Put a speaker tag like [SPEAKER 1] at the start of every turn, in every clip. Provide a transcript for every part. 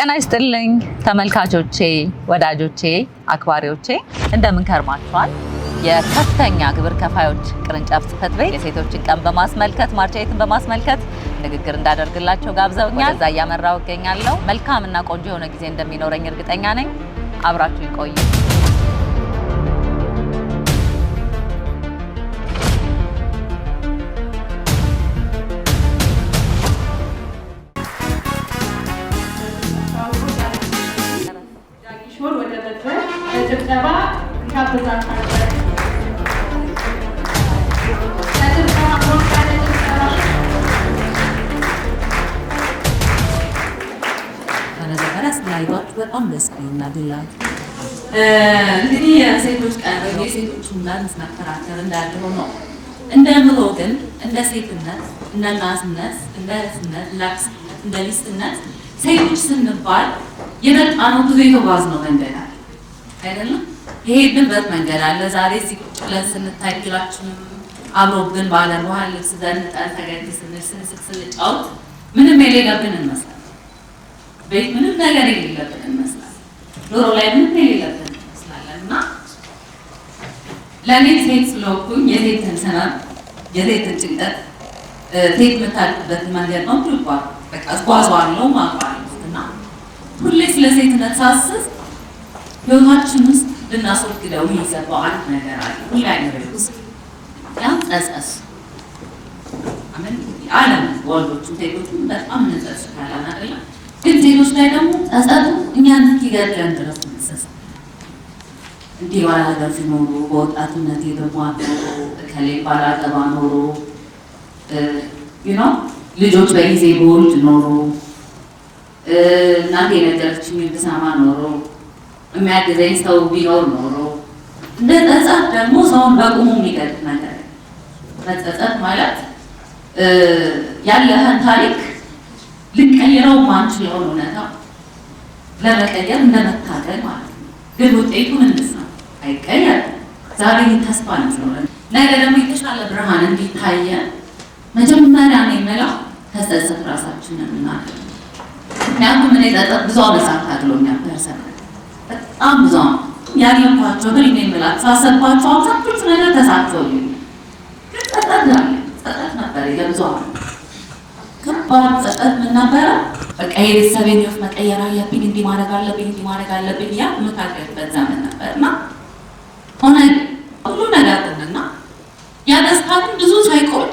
[SPEAKER 1] ጤና ይስጥልኝ ተመልካቾቼ፣ ወዳጆቼ፣ አክባሪዎቼ እንደምን ከርማችኋል? የከፍተኛ ግብር ከፋዮች ቅርንጫፍ ጽሕፈት ቤት የሴቶችን ቀን በማስመልከት ማርች ኤይትን በማስመልከት ንግግር እንዳደርግላቸው ጋብዘውኛል። እዛ እያመራው እገኛለሁ። መልካምና ቆንጆ የሆነ ጊዜ እንደሚኖረኝ እርግጠኛ ነኝ። አብራችሁ ይቆዩ። ስላይባችሁ በጣም ደስ ይልና እንግዲህ የሴቶች ቀን የሴቶች መብት መከራከር እንዳለ ሆኖ እንደ ምሮ ግን እንደ ሴትነት፣ እንደ እናትነት፣ እንደ እህትነት፣ እንደ ሚስትነት ሴቶች ስንባል የመጣነው ብዙ የተጓዝነው መንገድ አይደለም። የሄድንበት መንገድ አለ። ዛሬ እዚህ ቁጭ ብለን ስንታይ ፊላችንም አብሮብን ባለ ውሃ ልብስ ዘንጠን ፈገግ ስንል ስንስቅ ስንጫወት ምንም የሌለብን እንመስላለን ቤት ምንም ነገር የሌለብን እንመስላል። ዶሮ ላይ ምንም የሌለብን እንመስላለን። እና ለእኔ ሴት ስለሆንኩኝ የሴትን ሰናን የሴትን ጭንቀት ሴት የምታልፍበት መንገድ ነው ትልቋል። በቃ ጓዟ አለው እና ሁሌ ስለ ሴትነት ሳስብ ህይወታችን ውስጥ ልናስወግደው የሚገባው አንድ ነገር አለ። አለም ወንዶቹ በጣም ግን ሴቶች ላይ ደግሞ ጸጸቱ እኛን እስኪገድለን ድረስ እንዲህ ባላገር ሲኖሩ በወጣትነት ባላገባ ኖሮ ነው ልጆች በጊዜ በወልድ ኖሮ እናንተ የነገረችኝ ብሰማ ኖሮ የሚያግዘኝ ሰው ቢኖር ኖሮ እንደ ጸጸት ደግሞ ሰውን በቁሙ የሚገድል ነገር መጸጸት ማለት ያለህን ታሪክ ልቀይረው ማንች የሆን እውነታ ለመቀየር እንደመታገል ማለት ነው። ግን ውጤቱ ምንድን ነው? አይቀየርም። ዛሬ ተስፋ እንችላለን፣ ነገ ደግሞ የተሻለ ብርሃን እንዲታየ መጀመሪያ ነው የምለው ከጸጸት ራሳችንን እናድር። ምክንያቱም እኔ ጸጸት ብዙ አመሳት አግሎኛል ፐርሰናል በጣም ብዙ ያገኘኋቸው ግን እኔ የምላቸው አሰብኳቸው አብዛኞቹ ነገር ተሳክቶኝ ግን ጸጠት ያለ ጸጠት ነበር ከባድ ጸጠት ምን ነበረ በቃ የቤተሰቤን ህይወት መቀየር አለብኝ፣ እንዲህ ማድረግ አለብኝ፣ እንዲህ ማድረግ አለብኝ ያ የምታገርበት ዘመን ነበር እና ሆነ ሁሉ ነገር ትንና ያ ብዙ ሳይቆይ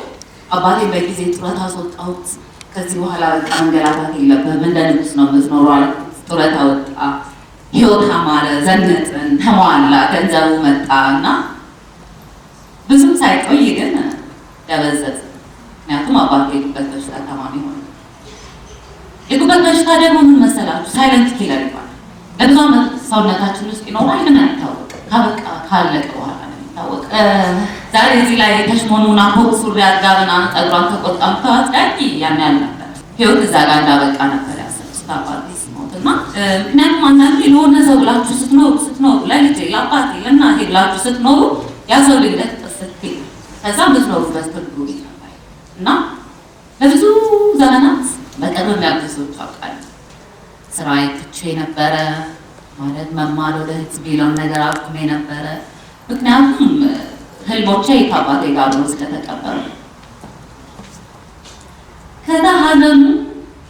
[SPEAKER 1] አባቴ በጊዜ ጡረታ አስወጣሁት። ከዚህ በኋላ በቃ መንገላታት የለብህም እንደ ንጉስ ነው አለ ጡረታ ወጣ ህይወት አማረ፣ ዘነጥን፣ ተሟላ፣ ገንዘቡ መጣ እና ብዙም ሳይቆይ ግን ደበዘዝ። ምክንያቱም አባት የጉበት በሽታ ታማሚ ሆነ። የጉበት በሽታ ደግሞ ምን መሰላችሁ? ሳይለንት ኪለር ይባል። ለብዙ ዓመት ሰውነታችን ውስጥ ይኖራል፣ ግን አይታወቅ፣ ካበቃ ካለቀ በኋላ ነው የሚታወቅ። ዛሬ እዚህ ላይ ተሽሞኑና ኮት ሱሪ አጋብና ምናምን ጸጉሯን ተቆጣም ተዋጽዳኝ ያን ያል ነበር። ህይወት እዛ ጋር እንዳበቃ ነበር ያሰብኩት አባት እና ምክንያቱም አንዳንዱ የሆነ ሰው ብላችሁ ስትኖሩ ስትኖሩ ለልጄ ለአባቴ ለእናቴ ብላችሁ ስትኖሩ ያ ሰው ጥስት ከዛ ምትኖሩበት ትልቁ ቤት ነበር እና ለብዙ ዘመናት በቅርብ ያሉ ሰዎች ስራ ትቼ ነበረ ማለት መማር ወደ ህዝብ የለውን ነገር አቁሜ ነበረ። ምክንያቱም ህልሞቼ ከአባቴ ጋር ስለተቀበሩ ከዛ ሀዘኑ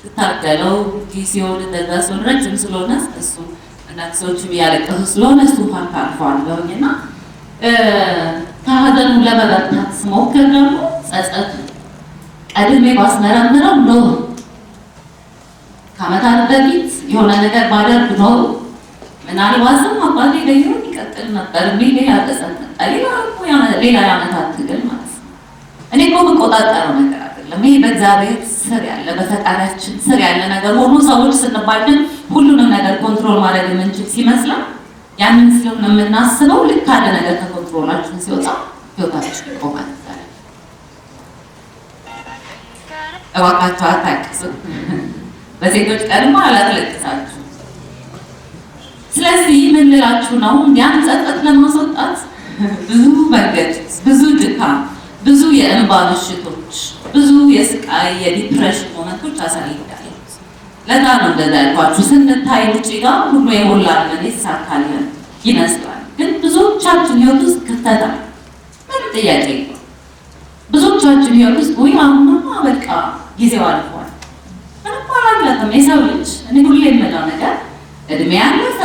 [SPEAKER 1] ብታገለው ጊዜውን እንደዛ ሲሆን ረጅም ስለሆነ እሱ አንዳንድ ሰዎች ያለቀሱ ስለሆነ እሱ ውሃን ታልፈዋል በሆኝና ከሀዘኑ ለመበርታት ስሞክር ደግሞ ጸጸቱ ቀድሜ ባስመረምረው ኖሮ ከአመታት በፊት የሆነ ነገር ባደርግ ኖሮ ምናልባትም አባቴ ለይሆን ይቀጥል ነበር የሚል ያጠጸጠ ሌላ ሌላ የአመታት ትግል ማለት ነው። እኔ እኮ የምቆጣጠረው ነገር አይደለም። ይህ በእግዚአብሔር ስር ያለ በፈጣሪያችን ስር ያለ ነገር ሆኖ ሰዎች ስንባልን ሁሉንም ነገር ኮንትሮል ማድረግ የምንችል ሲመስለን ያንን ሲሆን የምናስበው ልክ አለ ነገር ከኮንትሮላችን ሲወጣ ህይወታችን ይቆማል። እባካችሁ አታቅሱ። በሴቶች ቀድሞ አላትለቅሳችሁ። ስለዚህ ምን ልላችሁ ነው? ያን ጸጥታ ለማስወጣት ብዙ መንገድ ብዙ ድካም ብዙ የእንባ ምሽቶች፣ ብዙ የስቃይ የዲፕሬሽን ሞመንቶች አሳይታል። ለዛ ነው እንደዛ ያልኳችሁ። ስንታይ ውጭ ጋር ሁሉ የሞላልን የተሳካልን ይመስላል። ግን ብዙዎቻችን ህይወት ውስጥ ክፍተት አለ። ምንም ጥያቄ ነው። ብዙዎቻችን ህይወት ውስጥ ወይ አሁንማ በቃ ጊዜው አልፏል፣ ምንም አላለፈም። የሰው ልጅ እኔ ሁሌ የምለው ነገር እድሜ ያለፈ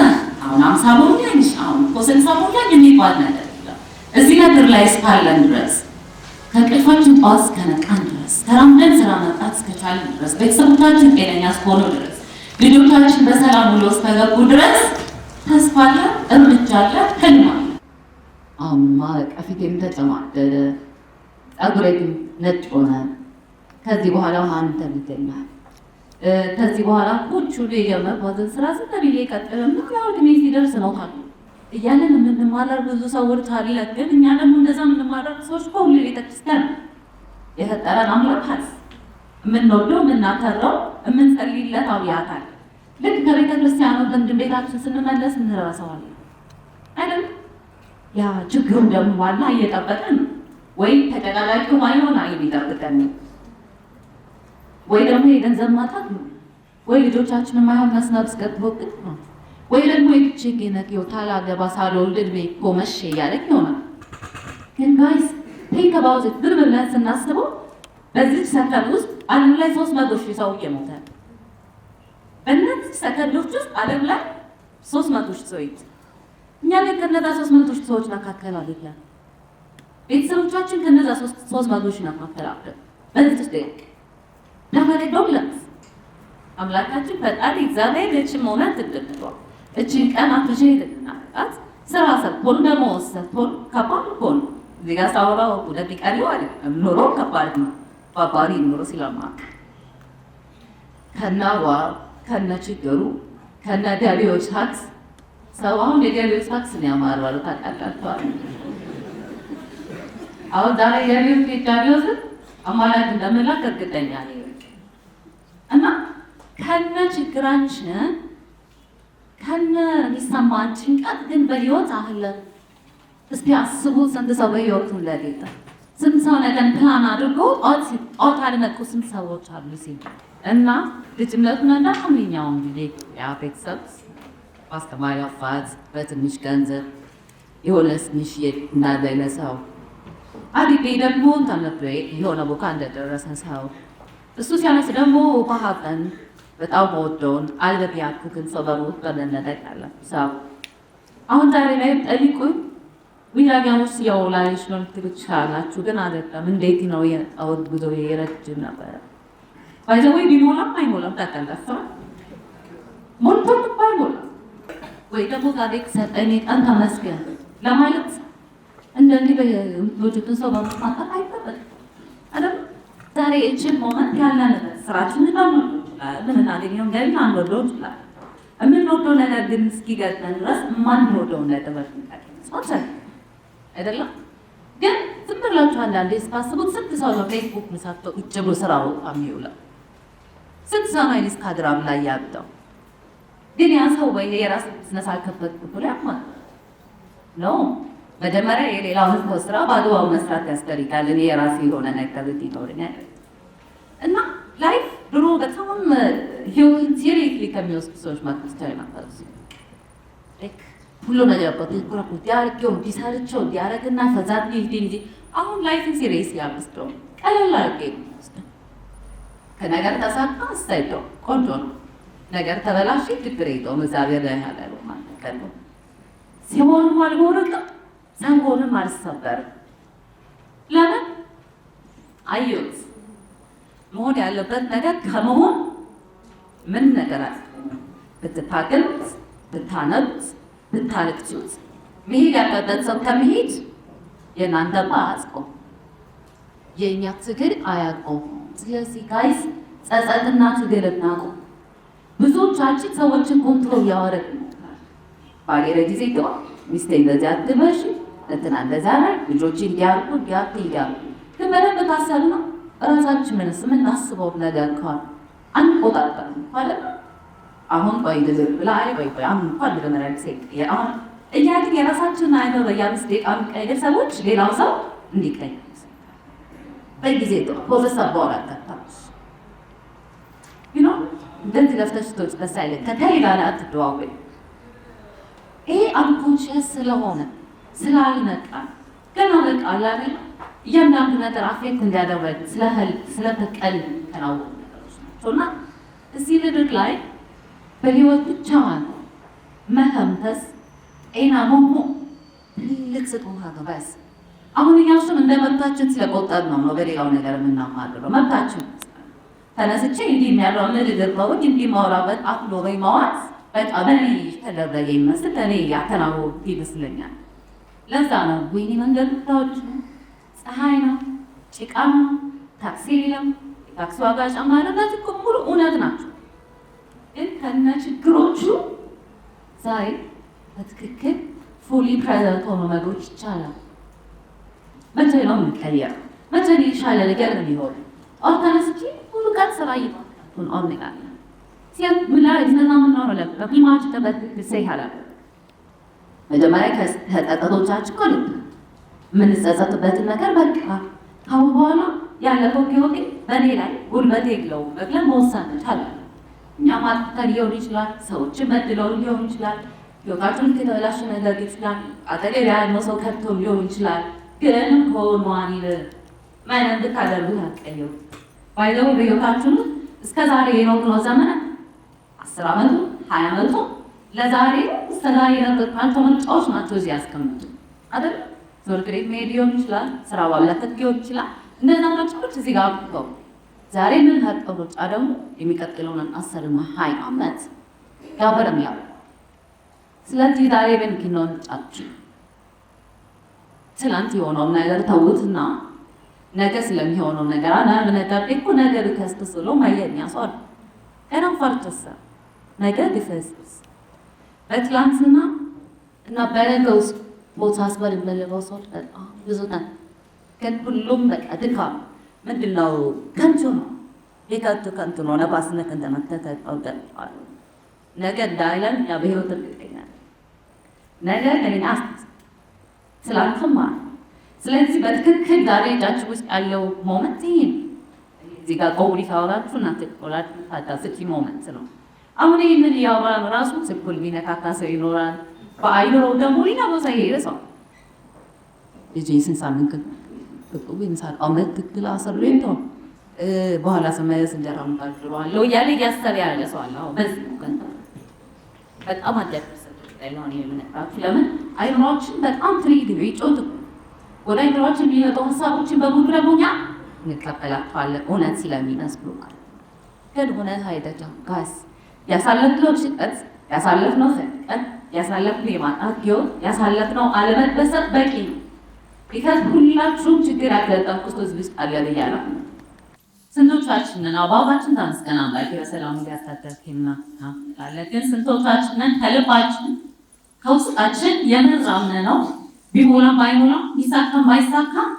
[SPEAKER 1] አሁን አምሳ በሆንሽ አሁን እኮ ስልሳ በሆንሽ የሚባል ነገር የለም እዚህ ነገር ላይ እስካለን ድረስ ከእንቅልፋችን ጠዋት እስከነቃን ድረስ ተራምደን ስራ መምጣት እስከቻልን ድረስ ቤተሰቦቻችን ጤነኛ እስከሆኑ ድረስ ልጆቻችን በሰላም ውሎ እስከገቡ ድረስ ተስፋ አለ፣ እርምጃ አለ፣ ህልም አለ። አሁንማ በቃ ፊቴም ተጨማደደ፣ ጸጉሬም ነጭ ሆነ። ከዚህ በኋላ አንተ ይገኛል ከዚህ በኋላ ሁቹ የጀመርኩትን ስራ ስንት ብዬ ቀጥልና ያው ሲደርስ ነው ካሉ እያለን የምንማረር ብዙ ሰዎች አለ። ግን እኛ ደግሞ እንደዛ የምንማረር ሰዎች ከሁሉ ቤተክርስቲያን የፈጠረን አምላክ የምንወደው የምናከብረው የምንጸልይለት አውያታል ልክ ከቤተክርስቲያኑ ክርስቲያኑ ግንድ ቤታችን ስንመለስ እንረሰዋል አይደል? ያ ችግሩ ደግሞ ዋላ እየጠበቀን ወይ ተጨቃላቂ ማይሆን የሚጠብቀን ወይ ደግሞ የገንዘብ ማጣት ነው፣ ወይ ልጆቻችን የማይሆን መስነብስ ገጥቦቅት ነው። ወይ ደግሞ የልጅ ጌነጌው ታላገባ ሳልወልድ ዕድሜ ጎመሽ እያለኝ ይሆናል። ግን ጋይስ ቲንክ አባውት ኢት ብለን ስናስበው በዚህ ሰከንድ ውስጥ ዓለም ላይ ሶስት መቶ ሺህ ሰው እየሞተ በእነዚህ ሰከንዶች ውስጥ ዓለም ላይ ሶስት መቶ ሺህ ሰው ይሞት እኛ ላይ ከነዛ ሶስት መቶ ሺህ ሰዎች መካከል አይደለም። ቤተሰቦቻችን ከነዛ ሶስት መቶ ሺህ መካከል አለ። በዚህ ውስጥ ደግ ለመሬ ዶግለት አምላካችን ፈጣሪ እግዚአብሔር ልጅ መሆናት ትደልቷል እቺ ቀናት ልጅ አት ስራ ሰጥቶን ደሞዝ ሰጥቶን ከባድ እኮ ነው። እዚህ ጋር ሁለት ቀሪው አለ ኑሮ ከባድ ነው። ባባሪ ኑሮ ሲለማቅ ከናዋ ከነ ችግሩ ከነ ገቢዎች ታክስ ሰው አሁን የገቢዎች ታክስ ነው ያማራሉ። ታቃጣቷል አሁን ዛሬ የሪም ቢታቢዮስ አማላት እንደምላክ እርግጠኛ ነኝ እና ከነ ችግራችን ከነ የሚሰማን ጭንቀት ግን በህይወት አለ። እስቲ አስቡ፣ ስንት ሰው በህይወቱ ለሌጠ ስንት ሰው ነገን ፕላን አድርጎ ጣት ያልነቁ ስንት ሰዎች አሉ። ሲ እና ልጅነቱ ነዳ ሁሉኛውም ጊዜ ያ ቤተሰብ በአስተማሪ አባት በትንሽ ገንዘብ የሆነ ትንሽ እንዳለለ ሰው አዲቤ ደግሞ ተመቶ የሆነ ቦታ እንደደረሰ ሰው እሱ ሲያነስ ደግሞ ባህጠን በጣም መወደውን አለም ያልኩትን ሰው በሞት በመነጠቃለን ሰው አሁን ዛሬ ላይ ጠይቁኝ። ዊያጋሙስ ያው ላይሽ ነው ልትሉ ግን አይደለም። እንዴት ነው የጣወት ጉዞ የረጅም ነበረ። ባይዘወይ ቢሞላም አይሞላም ታቀለፈ ሞልቶም አይሞላም ወይ ደግሞ ዛሬ ሰጠኝ ቀን ተመስገን ለማለት እንደዚህ በሎጅቱን ሰው በማጣት አይጠበቅ አደም ዛሬ እችን ሞመንት ያለንበት ስራችን ነው እንችላለን። ምንናገኘው እንችላለን። የምንወደው ነገር ግን እስኪገጥመን ድረስ አይደለም። ግን ዝም ብላችሁ አንዳንዴ ስታስቡት ስንት ሰው ነው ፌስቡክ ምሳቶ ቁጭ ብሎ ስራው የሚውለው? ስንት ሰው ነው ኢንስታግራም ላይ ግን ያ ሰው ወይ ቢዝነስ ብሎ ያማል ነው። መጀመሪያ የሌላው ስራ በአግባቡ መስራት ያስፈልጋል። እኔ የራሴ የሆነ ነገር ይኖረኛል እና ላይፍ ድሮ በጣም ህይወትን ሲሪየስሊ ከሚወስዱ ሰዎች መካከል ነበሩ። ሁሉ ነገር በትኩረት እንዲያርገው እንዲሰርቸው እንዲያረግና ፈዛት ሊሄድ እንጂ አሁን ላይፍን ሲሪየስ ያምስደው ቀለል አርጌ ከነገር ተሳካ አስተይተው ቆንጆ ነው። ነገር ተበላሽ ድብር ይጠው መዛቢያ ላይ ያለው ማለት ቀሉ ሲሆንም አልጎርም ዘንጎንም አልሰበርም ለምን አየሁት መሆን ያለበት ነገር ከመሆን ምን ነገር አለ ብትታገል፣ ብታነብ፣ ብታለቅሱት መሄድ ያለበት ሰው ከመሄድ የእናንተማ አያውቀውም፣ የእኛ ትግል አያውቀውም። ስለዚህ ጋይስ ጸጸትና ትግል እናቁም። ብዙዎቻችን ሰዎችን ኮንትሮል ያወረድ ባሌረ ጊዜ ግባ ሚስቴ እንደዚህ አትበሽ እንትና እንደዚያ ልጆች እንዲያርጉ እንዲያርጉ እንዲያርጉ ግን በደንብ ካሰብነው እራሳችንስ የምናስበውን ነገር እንኳን አንቆጣጠርም። ኋላ አሁን ቆይ ልዝብ ብላ አይ ቆይ ቆይ አሁን እንኳን መጀመሪያ ጊዜ ቀየ አሁን እያግን የራሳችንን አይምሮ በየአምስት ደቂቃ የሚቀይር ሰዎች ሌላው ሰው እንዲቀይር በጊዜ ፕሮፌሰር በኋላ ተታች ዩኖ እንደዚህ ለፍተሽ ቶች በሳይለ ከከሌላ ላይ አትደዋወይ ይሄ አንኮንሽስ ስለሆነ ስላልነቃ ገና ነቃ ላለ እያንዳንዱ ነገር አፌክት እንዲያደረግ ስለ ህልም ስለ በቀል የሚከናወኑ ነገሮች እና እዚህ ምድር ላይ በህይወት ብቻዋን ማለት መተንፈስ ጤና መሆ ትልቅ ስጦታ ነው። በስ አሁን እያሱም እንደ መብታችን ስለቆጠር ነው ነው በሌላው ነገር የምናማርረው መብታችን ተነስቼ እንዲህ ያለው ምልድር በውኝ እንዲህ ማውራበት አፍሎ ወይ ማዋት በጣም እኔ ተደረገ ይመስል እኔ ያተናወ ይመስለኛል። ለዛ ነው ወይኔ መንገድ ታዎች ነው ፀሐይ ነው፣ ጭቃ ነው፣ ታክሲ የለም፣ የታክሲ ዋጋ ጨማሪ እነዚህ ሙሉ እውነት ናቸው። ግን ከነ ችግሮቹ ዛሬ በትክክል ፉሊ ፕሬዘንት ሆኖ መኖር ይቻላል። መቼ ነው የምንቀየር? መቼ ነው የተሻለ ነገር የሚሆን? ኦርተነስኪ ሁሉ ቀን ስራ ይሆን ኦንላይን ሲያም ምላ እዝነና ምናሮ ለ በቂማች ተበት ይላል መጀመሪያ ከጠጠቶቻችን ኮል የምንጸጸትበትን ነገር በቃ ካሁን በኋላ ያለፈው ህይወቴ በእኔ ላይ ጉልበት የለውም ብለን መወሰን መቻል እኛ ማጥተን ሊሆን ይችላል፣ ሰዎችን መድለውን ሊሆን ይችላል፣ ህይወታችሁን ከተበላሸ ነገር ይችላል፣ አጠገብ ያለው ሰው ከብቶ ሊሆን ይችላል። ግንም ሆኗል ምንም ብታደርጉት አትቀየሩ። ባይዘው በህይወታችሁን እስከ ዛሬ የኖርነው ዘመን አስር አመቱ ሀያ አመቱ ለዛሬ እስከ ዛሬ የነበርናቸው ምርጫዎች ናቸው እዚህ ያስቀምጡ አይደል ትምህርት ቤት መሄድ ሊሆን ይችላል፣ ስራ ባብላተት ሊሆን ይችላል። እነዛ ነገሮች እዚህ ጋር አቅበው ዛሬ ምን ሀቀው ሩጫ ደግሞ የሚቀጥለውን አስርና ሀያ አመት ያበረም ያው ስለዚህ ዛሬ በንኪኖ ሩጫችሁ ትላንት የሆነውን ነገር ተውትና ነገ ስለሚሆነው ነገር አና ምነዳቤ እኮ ነገ ልከስስ ብሎ ማየኛ ሰው አለ ከረም ፈርተሰ ነገ ዲፈስስ በትላንትና እና በነገ ውስጥ ቦታ አስበልመልበው ሰዎች በጣም ብዙ ነን። ግን ሁሉም በቃ ድካም ምንድን ነው? ከንቱ ነው። ሊከቱ ከንቱ ነው። ነፋስነት እንደመተተ ቀውጠሉ ነገ እንዳለን ያ በህይወት እንገኛል። ነገ ለሌላ ስላልተማ ስለዚህ በትክክል ዛሬ እጃችሁ ውስጥ ያለው ሞመንት ይህ እዚህ ጋር ቆውሪ ካወራችሁ እና ትቆላችሁ ታዳስቂ ሞመንት ነው። አሁን ይህንን እያወራን ራሱ ስኩል ሚነካካ ሰው ይኖራል። በአይኖረው ደግሞ ሌላ ቦታ የሄደ ሰው ልጄን ስንት ሳምንት ወይም ሳት ዓመት ትክክል አሰሉኝ ተው በኋላ ስመስ እንጀራም እያለ እያሰብ ያለ ሰው አለ። በዚህ ግን በጣም ለምን አይምሯችን በጣም ትሪድ ነው ይጮት ወደ አይምሯችን የሚመጡ ሀሳቦችን በሙሉ ደግሞ እኛ እንቀበላቸዋለን። እውነት ስለሚመስሉ ግን እውነት አይደለም። ጋስ ያሳለፍነው ጭቀት ያሳለፍነው ፍቀት ያሳለፍነው የማጣት ጊዮን ያሳለፍነው አለመደሰት በቂ ነው። ቢካዝ ሁላችሁም ችግር ያጋጠምኩት ህዝብ ውስጥ አለ ብያለሁ። ስንቶቻችንን አባባችን ታመስገን አምላክ በሰላም እንዲያሳደርክና አለ ግን ስንቶቻችንን ከልባችን ከውስጣችን የምንራምነ ነው ቢሞላም ባይሞላም ቢሳካም ባይሳካም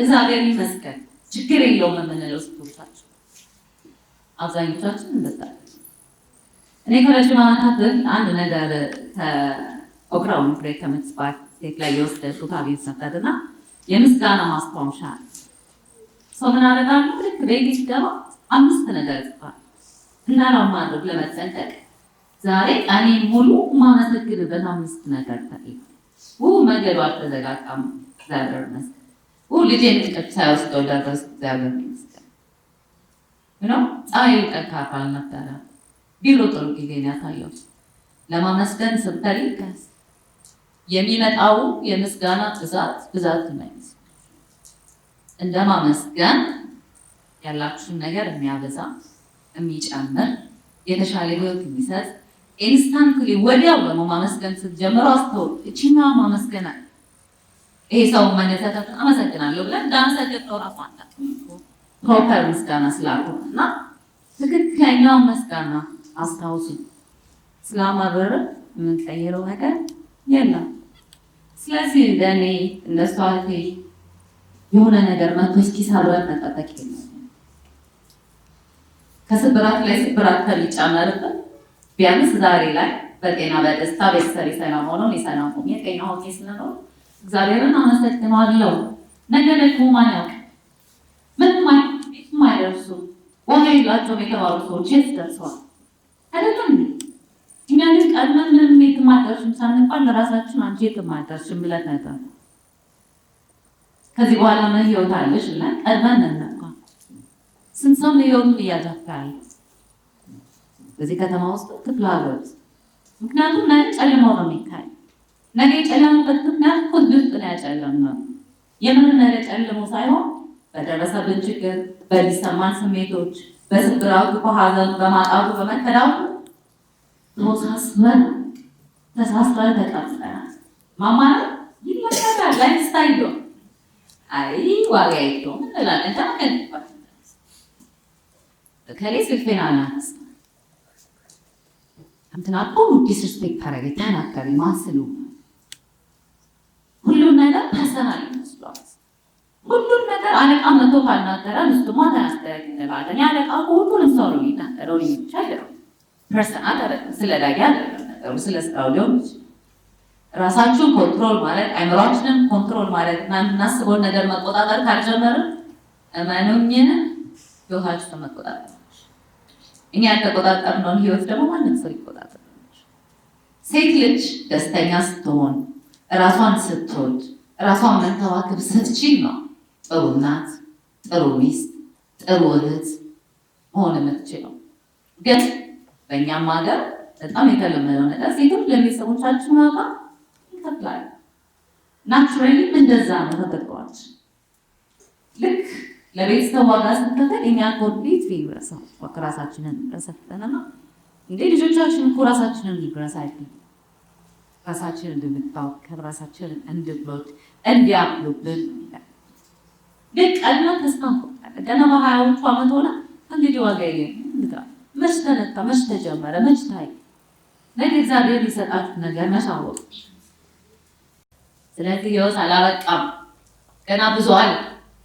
[SPEAKER 1] እግዚአብሔር ይመስገን ችግር የለውም የምንለው ስንቶቻችን አብዛኞቻችን እንደዛ እኔ ከሁለቱ ማማታት በፊት አንድ ነገር ኦክራውን ፍሬ ከምትባል ሴት ላይ የወስደ ሱታ ቤት እና የምስጋና ማስታወሻ ሰው ምን አደርጋለሁ? ልክ ቤት ሲገባ አምስት ነገር ጽፋል ነው ማድረግ ለመጠንቀቅ ዛሬ እኔ ሙሉ ማመሰግንበት አምስት ነገር ታይ ው መንገዱ አልተዘጋጋም። እግዚአብሔር ይመስገን። ው ልጄ ንቀት ሳይወስደው ደረስ። እግዚአብሔር ይመስገን ነው ፀሐይ ቢሎ ጥሩ ጊዜ ነው ያሳየው። ለማመስገን ስትተሪ የሚመጣው የምስጋና ብዛት ብዛት ይመልስ እንደ ማመስገን ያላችሁን ነገር የሚያበዛ የሚጨምር የተሻለ ህይወት የሚሰጥ ኢንስታንትሊ ወዲያው ደግሞ ማመስገን ስትጀምሩ አስተው እቺኛ ማመስገን ይሄ ሰው መነሳታት አመሰግናለሁ ብለን እንዳመሰግን ነው ራሱ አንዳት ፕሮፐር ምስጋና ስላልሆነ እና ትክክለኛው ምስጋና አስታውሱ። ስላማረረ የምንቀይረው ነገር የለም። ስለዚህ እንደኔ እንደ ስተዋቴ የሆነ ነገር መቶ እስኪሳብረን መጠበቅ ይ ከስብራት ላይ ስብራት ከሚጨመርብን ቢያንስ ዛሬ ላይ በጤና በደስታ ቤተሰቤ ሰላም ሆነው የሰላም ሆኜ ጤና ሆኜ ስለኖር እግዚአብሔርን አመሰግናለሁ። ነገ ደግሞ ማን ያውቅ ምንም አይደርሱ ዋጋ የላቸውም የተባሉ ሰዎች የት ደርሰዋል? አይደለም እኛ ግን ቀድመን ምንም የትም አልደርሽም ሳንባል ለራሳችን አንቺ የትም አልደርሽም ብለን ነበር። ከዚህ በኋላ ምን ህይወት አለሽ እና ቀድመን እንነቃ። ስንት ሰው ህይወቱን እያጠፋ ያለ በዚህ ከተማ ውስጥ ክፍለ ሀገር ውስጥ ምክንያቱም ነገ ጨለማው ነው የሚታይ ነገ የጨለመበት ምክንያት እኮ ግልጥ ነው። ያጨለም ነው ነገ ጨልሞ ሳይሆን በደረሰብን ችግር በሚሰማን ስሜቶች በስብራቱ በሐዘኑ በማጣቱ በመከዳቱ ተሳስበን ተሳስበን ተቀምጠናል። ማማረ ይመቻል ላይ አይ ዋጋ የለውም እንላለን። ተመከል ከሌ ስልፌን አናስ እንትና እኮ ዲስርስፔክት ታረገ ተናከሪ ማስሉ ሁሉም ነገር ፐርሰናል ይመስሏል። ሁሉን ነገር አለቃ መጥቶ ካልናገረ እሱማ ተናገረ እንላለን። የአለቃ ሁሉንም ሰው ነው የሚናገረው። ብቻ አይደለም ፐርሰናል አይደለም፣ ስለ ዳጊ አይደለም ነገሩ፣ ስለ ስራው ሊሆን ይችላል። ራሳችሁን ኮንትሮል ማለት አይምሯችንን ኮንትሮል ማለት እና የምናስበውን ነገር መቆጣጠር ካልጀመርን እመኑኝን ህይወታችሁን መቆጣጠር እኛ ያልተቆጣጠርነውን ህይወት ደግሞ ማንም ሰው ይቆጣጠር። ሴት ልጅ ደስተኛ ስትሆን ራሷን ስትወድ ራሷን መንከባከብ ስትችል ነው ጥሩ እናት፣ ጥሩ ሚስት፣ ጥሩ እህት መሆን የምትችለው ግን በእኛም ሀገር በጣም የተለመደው ነገር ሴቶች ለቤተሰቦቻችን ዋጋ ይከፍላሉ። ናቹራሊም እንደዛ ነው ተፈጥሯችን። ልክ ለቤተሰብ ዋጋ ስንከፍል እኛ ኮንፊት ይረሳል ራሳችንን ረሰፍተንና እንደ ልጆቻችን እኮ ራሳችንን እንድንረሳ ራሳችን እንድንታወቅ ራሳችን እንድንወድ እንዲያምኑብን ግን ቀና ተስማም ገና በሀያዎቹ ዓመት ሆና እንግዲህ ዋጋ መች ተነታ፣ መች ተጀመረ፣ መች ታይ ነገ እግዚአብሔር ነገር መሳወቅ። ስለዚህ አላበቃም ገና ብዙ አለ።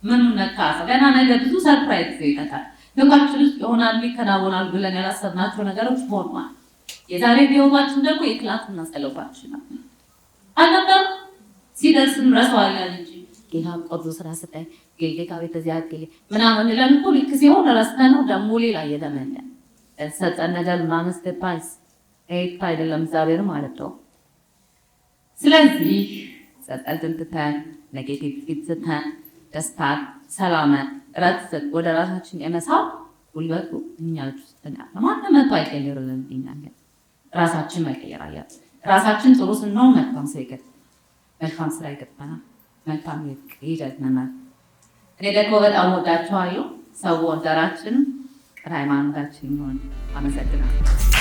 [SPEAKER 1] ምኑ ነካ ገና ነገ ብዙ ሰርፕራይዝ ይጠታል። ህይወታችን ውስጥ ይሆናል ይከናወናል ብለን ያላሰብናቸው ነገሮች ሆኗል። የዛሬ ህይወታችን ደግሞ ሲደርስ እንረሳዋለን እንጂ ጌታ ቆንጆ ስራ ስጠኝ፣ ጌታ ቤተዚያ አድግል ምናምን ለንኩ ልክ ሲሆን ረስተን ደግሞ ሌላ እየተመለ ሰጠን ነገር ምናምን ስትፓይስ ይህ አይደለም እግዚአብሔር ማለት ነው። ስለዚህ ጸጠትን ትተን ኔጌቲቭ ፊት ትተን ደስታን፣ ሰላምን፣ እረት ወደ ራሳችን የመሳብ ጉልበቱ እኛ ልጅ ውስጥ ያለ ማንም መጥቶ አይቀይርልን። ራሳችን መቀየር አያት ራሳችን ጥሩ ስንሆን መልካም ስራ መልካም ስራ ይገጥመናል። መልካም ይደግመናል። እኔ ደግሞ በጣም ወዳችኋለሁ። ሰው ወንዘራችን ቅን ሃይማኖታችን ይሆን። አመሰግናለሁ።